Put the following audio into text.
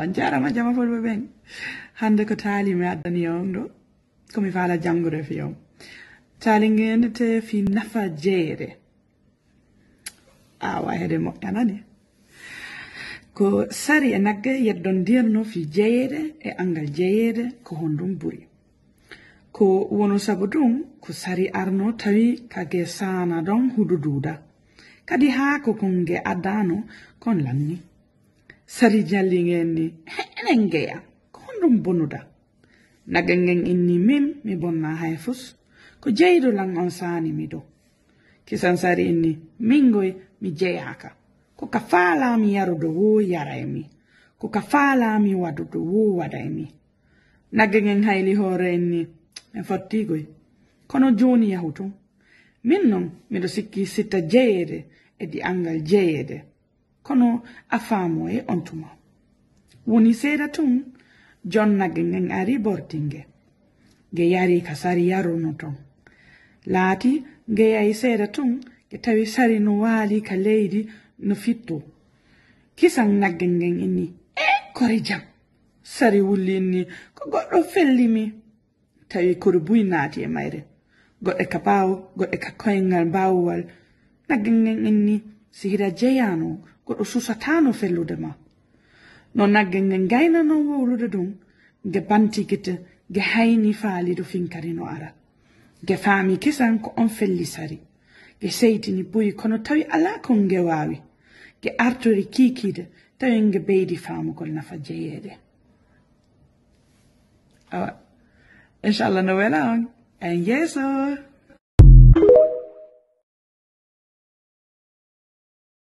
on jarama jama fulɓe ɓen hande ko taali mi addani e on ɗo komi fala jangude fi on taali gende tefi nafa jeere awa hede moƴƴanani ko sari e nagge yeddon ndiyanno fi jeyeede e angal jeyeede ko hon ɗum ɓuri ko wono sabu ɗum ko sari arno tawi kage sana ɗon hududuuda kadi haa ko kon ge addano kon lanni sari jalligen ni enen geya ko honɗum bonuda nagal ngen inni min mi bonna hay fus ko jeydolan on saani mi ɗo kisan sari inni min goy mi jeyaka ko ka faalami yarudo wo yara e mi ko ka faalami wadudo wo waɗa e mi nagge ngen hayli hoore inni mi fottigoy kono jooni yahu tun min non miɗo sikki sitta jeyede e di angal jeyede kono a faamoye on tuma woni seeɗa tun jonnage ngen ari bordinge nge yari ka sari yaruno ton laati ngeyayi seeɗa tun ge tawi sari no waali ka leydi no fittu kisan nagge ngen inni e kore jam sari wulli inni ko goɗɗo fellimi tawi kori buyi naati e mayre goɗɗe ka ɓaawo goɗɗe ka koyngal mbaawuwal nagge ngen inni si hira jeyano goɗɗo susatano fellude ma no nagge ge gaynano wowlude ɗum ge banti gite ge hayni faali ɗo finkari no ara ge faami kisan ko on felli sari ge seytini boyi kono tawi ala kon ge waawi ge artori kiikiide tawi ge beydi faamugol nafa jeyeede awa inchallah no wela on en yeeso